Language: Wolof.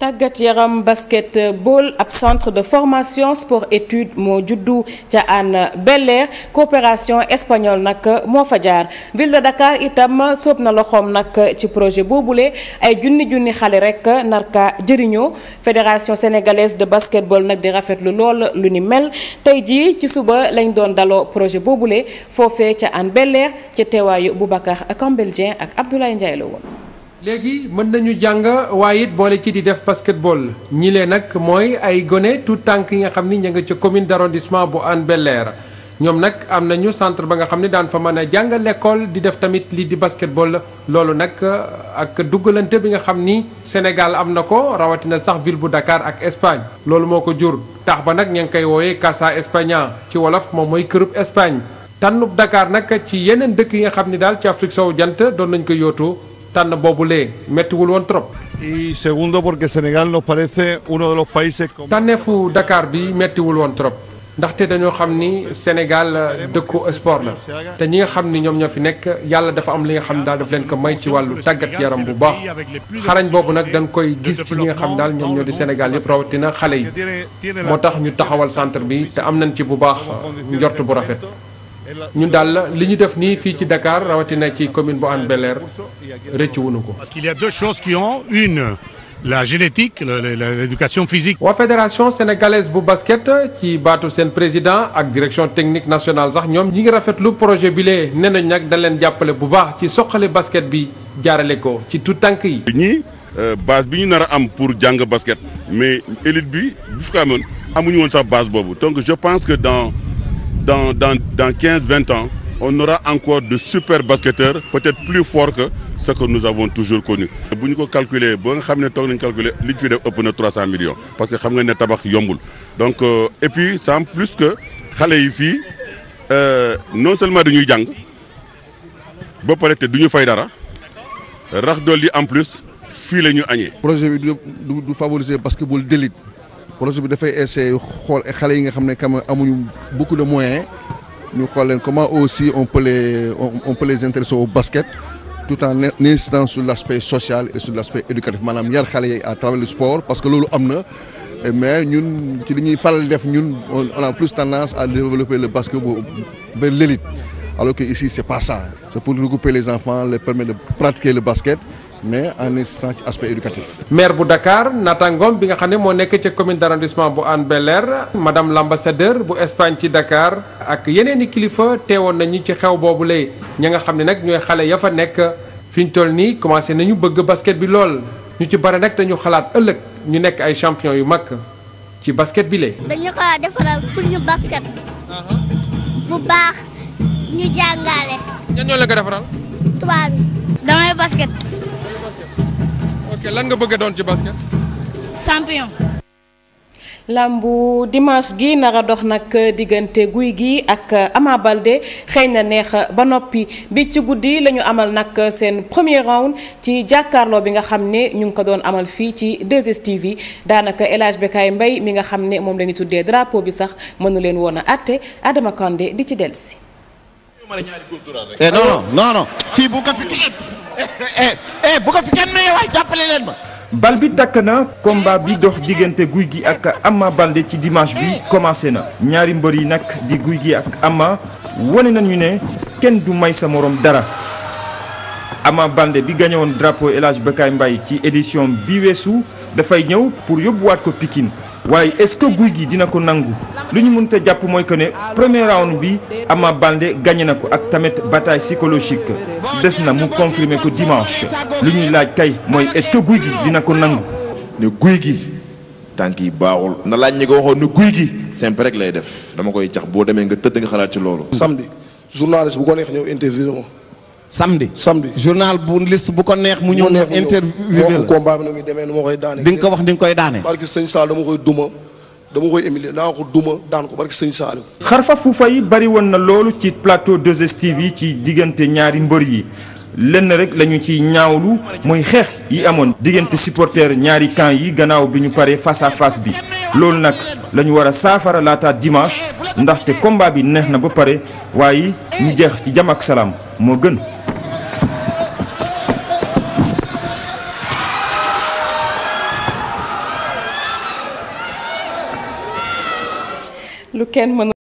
tàggat yaram basketball ab centre de formation sport étude moo juddu ca ànd bel coopération espagnole nag moo fa jaar ville de Dakar itam soob na loxoom nag ci projet boobule ay junni junni xale rek narka jëriñoo fédération sénégalaise de basketball nag di rafet lu lool lu ni mel tey jii ci suba lañ doon daloo projet boobule foofee ca Hann bel ci teewaayu Boubacar Cambelgien ak Abdoulaye Ndiaye la woon. léegi mën nañu jàng waaye it boole ci di def basketball ñi lee nag mooy ay gone tout tànk yi nga xam ni ña nga ca commune d' arrondissement bu Hann Bel-Air ñoom nag am nañu centre ba nga xam ne daan fa mën a jàng l'école di def tamit lii di basketball loolu nag ak duggalante bi nga xam ni Sénégal am na ko rawatina sax ville bu Dakar ak Espagne loolu moo ko jur tax ba nag ña ngi koy wooyee Casa España ci wolof moom mooy kërub Espagne tànnub Dakar nag ci yeneen dëkk yi nga xam ni daal ci Afrique sowu jant doon nañ ko yóotu tànn boobu lee méttiwul woon trop. y segundo porque Sénégal nos parece uno de los países. tànneefu Dakar bi méttiwul woon trop. ndaxte dañoo xam ni Sénégal dëkku sport la te ñi nga xam ni ñoom ñoo fi nekk yàlla dafa am li nga xam daal daf leen ko may ci wàllu tàggat yaram bu baax xarañ boobu nag dañ koy gis ci ñi nga xam daal ñoom ñoo di Sénégal yëpp rawatina xale yi moo tax ñu taxawal centre bi te am nañ ci bu baax njort bu rafet. ñun daal li ñu def nii fii ci Dakar rawatina ci commune bu Hann Bel-Air rëccu wuñu ko. parce qu'il y a deux choses qui ont une la génétique l'éducation physique. waa fédération sénégalaise bu basket ci baatu seen président ak direction technique nationale sax ñoom ñi ngi rafetlu projet bi lee nee nañ nag dañ leen jàppale bu baax ci soqale basket bi jaarale ko ci tout tànk yi. ñii euh, base bi ñu nar a am pour jàng basket mais élite bi bu fi ko amoon amuñu woon sax base boobu donc je pense que dans. dans, dans, dans 15, 20 ans, on aura encore de super basketteurs, peut-être plus forts que ce que nous avons toujours connu. bu ñu ko calculer ba nga xam ne toog nañu calculer li ñu fi def ëpp na 300 millions parce que xam nga ne tabax yombul donc euh, et puis sans plus que xale yi fii euh, non seulement dañuy jàng ba pare te du ñu fay dara rax dool yi en plus fii la ñu añee. projet bi du du favoriser basketball d'élite projet bi dafay essayer xool xale yi nga xam ne quand amuñu beaucoup de moyen ñu xool leen comment aussi on peut les on peut les intéresser au basket tout en insistant sur l' social et sur l' éducatif maanaam yar xale yi à travers le sport parce que loolu am na mais ñun ci li ñuy falal def ñun on a plus tendance à développer le basket vers l'élite alors que ici c' est pas ça c' est pour regrouper les enfants les permettre de pratiquer le basket mais en instant ci aspect éducatif. maire bu Dakar naataangoom bi nga xam ne moo nekk ca commune d' arrondissement bu Hann Bel-Air madame l'ambassadeur bu Espagne ci Dakar ak yeneen i kilifa teewoon nañu ci xew boobu lay ña nga xam ne nag ñooy xale ya fa nekk fi ñu toll nii commencé nañu bëgg basket bi lool ñu ci bare nag dañu xalaat ëllëg ñu nekk ay champion yu mag ci basket bi lay. dañu ko defaral pour ñu basket. bu baax ñu jàngale. ñoo la ko defaral. tubaab yi. damay basket. basket lan nga bëgg a doon ci basket. champion. làmbu dimanche gi nara dox nag diggante guy gi ak Ama Baldé xëy na neex ba noppi bi ci guddi la ñu amal nag seen premier round ci jàkkaarloo bi nga xam ne ñu ngi ko doon amal fii ci 2STV daanaka El Hadj Bekaay Mbaye mi nga xam ne moom la tuddee drapeau bi sax mënu leen woon a àtte Adama Kandé di ci dellusi. Eh, non non non fii bu ko fi Eh, eh, eh, bu leen ma. bal bi takk na combat bi dox diggante guy gi ak Ama Baldé ci dimanche bi commencé na ñaari mbër yi nag di guy gi ak Ama wane nañu ne kenn du may sa morom dara. Ama Baldé bi gañe woon drapeau El Hadj Bakay Mbaye ci édition bi weesu dafay ñëw pour yóbbuwaat ko Pikine. waaye est-ce que guy gi dina ko nangu lu ñu mënta jàpp mooy que ne premier round bi amaa bande gagné na ko ak tamit bataille psychologique des na mu confirmer ko dimanche lu ñuy laaj kay mooy est-ce que guy gi dina ko nangu. ne guy gi tànk yi baaxul na laaj ñi ko waxoon ne guy gi simple rek lay def dama koy cax boo demee nga tëdd nga xalaat ci loolu. samedi journaliste bu ko neex ñëw interview samedi samedi journal bu liste bu ko neex mu ñëw mu interviewé la combat bi na muy demee nu ma koy daane di nga ko wax di nga koy daane barki sëñ Sall dama koy duma dama koy émile naa ko duma daan ko barki sëñ Sall xarfa fuufa yi bari woon na loolu ci plateau 2STV yi ci diggante ñaari mbër yi lenn rek lañu ci ñaawlu mooy xeex yi amoon diggante supporter ñaari kan yi gannaaw bi ñu paree face fas bi loolu nag lañu ñu war a saafara laata dimanche ndaxte combat bi neex na ba pare waaye ñu jeex ci jam ak salaam moo gën lu kenn mën